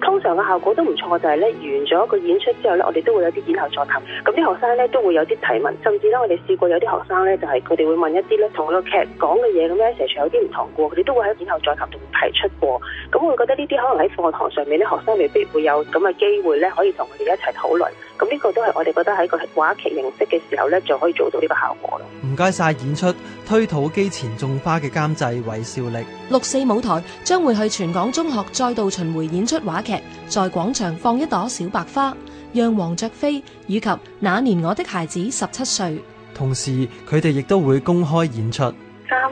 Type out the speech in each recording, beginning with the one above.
通常嘅效果都唔錯，就係咧完咗個演出之後咧，我哋都會有啲演後座談，咁啲學生咧都會有啲提問，甚至咧我哋試過有啲學生咧，就係佢哋會問一啲咧同個劇講嘅嘢咁樣，message 有啲唔同過，佢哋都會喺演後座談同提出過，咁我會覺得呢啲可能喺課堂上面咧，學生未必會有咁嘅機會咧，可以同佢哋一齊討論，咁呢個都係我哋。都喺個話劇形式嘅時候呢，就可以做到呢個效果啦。唔該晒演出《推土機前種花》嘅監製韋兆力。六四舞台將會去全港中學再度巡回演出話劇，在廣場放一朵小白花、讓黃雀飛以及那年我的孩子十七歲。同時，佢哋亦都會公開演出。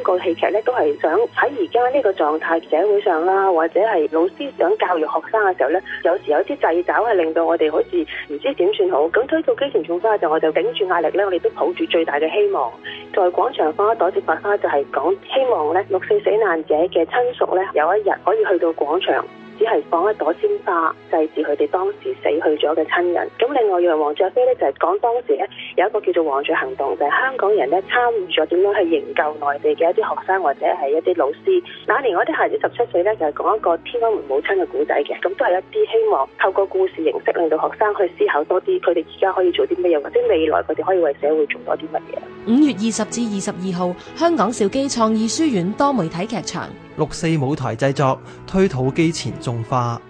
個戲劇咧都係想喺而家呢個狀態社會上啦，或者係老師想教育學生嘅時候咧，有時有啲掣肘係令到我哋好似唔知點算好。咁推到基情重花嘅時候，我就頂住壓力咧，我哋都抱住最大嘅希望，在廣場放一朵鮮花，花就係講希望咧，六四死難者嘅親屬咧，有一日可以去到廣場。只係放一朵鮮花，祭祀佢哋當時死去咗嘅親人。咁另外，楊黃雀飛咧就係、是、講當時咧有一個叫做黃雀行動，就係、是、香港人咧參與咗點樣去營救內地嘅一啲學生或者係一啲老師。年那年我啲孩子十七歲咧，就係講一個天安門母親嘅故仔嘅，咁都係一啲希望透過故事形式令到學生去思考多啲，佢哋而家可以做啲乜嘢，或者未來佢哋可以為社會做多啲乜嘢。五月二十至二十二號，香港兆基創意書院多媒體劇場六四舞台製作《推土機前種花》。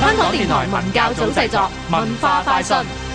香港電台文教組製作文化快訊。